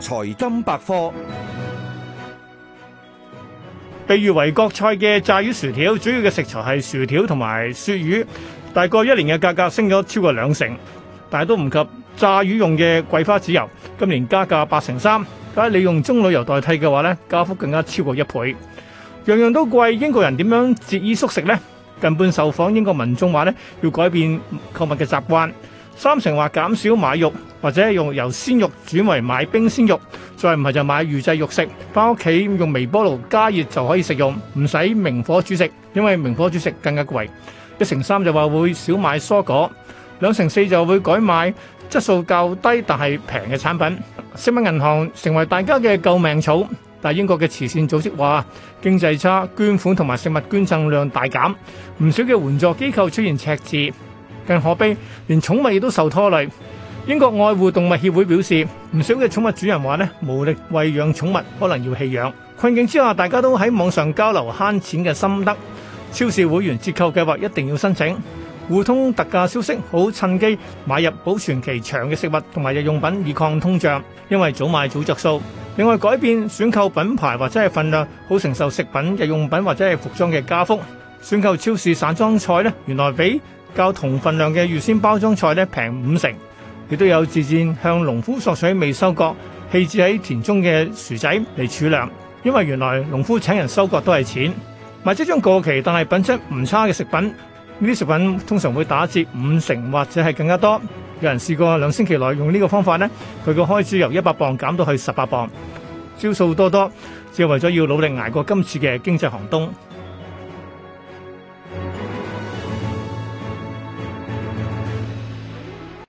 財金百科，被譽為國菜嘅炸魚薯條，主要嘅食材係薯條同埋鱈魚，大概一年嘅價格升咗超過兩成，但係都唔及炸魚用嘅桂花籽油，今年加價八成三。假如用棕櫚油代替嘅話呢，加幅更加超過一倍，樣樣都貴。英國人點樣節衣縮食呢？近半受訪英國民眾話呢，要改變購物嘅習慣。三成話減少買肉，或者用由鮮肉轉為買冰鮮肉，再唔係就買預製肉食，翻屋企用微波爐加熱就可以食用，唔使明火煮食，因為明火煮食更加貴。一成三就話會少買蔬果，兩成四就會改買質素較低但係平嘅產品。食物銀行成為大家嘅救命草，但英國嘅慈善組織話經濟差，捐款同埋食物捐贈量大減，唔少嘅援助機構出現赤字。更可悲，連寵物亦都受拖累。英國愛護動物協會表示，唔少嘅寵物主人話咧，無力餵養寵物，可能要棄養。困境之下，大家都喺網上交流慳錢嘅心得。超市會員折扣計劃一定要申請。互通特價消息，好趁機買入保存期長嘅食物同埋日用品以抗通脹，因為早買早着數。另外，改變選購品牌或者係份量，好承受食品、日用品或者係服裝嘅加幅。選購超市散裝菜咧，原來比。較同份量嘅預先包裝菜平五成，亦都有自願向農夫索取未收割、棄置喺田中嘅薯仔嚟儲糧，因為原來農夫請人收割都係錢。買將過期但係品質唔差嘅食品，呢啲食品通常會打折五成或者係更加多。有人試過兩星期內用呢個方法咧，佢個開支由一百磅減到去十八磅。招數多多，只為咗要努力捱過今次嘅經濟寒冬。